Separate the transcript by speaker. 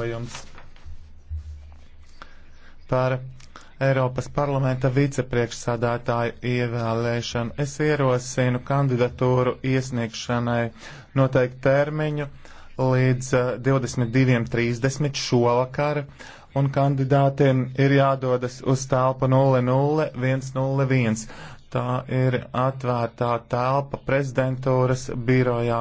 Speaker 1: jums
Speaker 2: par Eiropas parlamenta vicepriekšsādātāju ievēlēšanu. Es ierosinu kandidatūru iesniegšanai noteikti termiņu līdz 22.30 eh, šovakar, un kandidātiem ir jādodas uz telpu 00101. Tā ir atvērtā telpa prezidentūras
Speaker 3: birojā.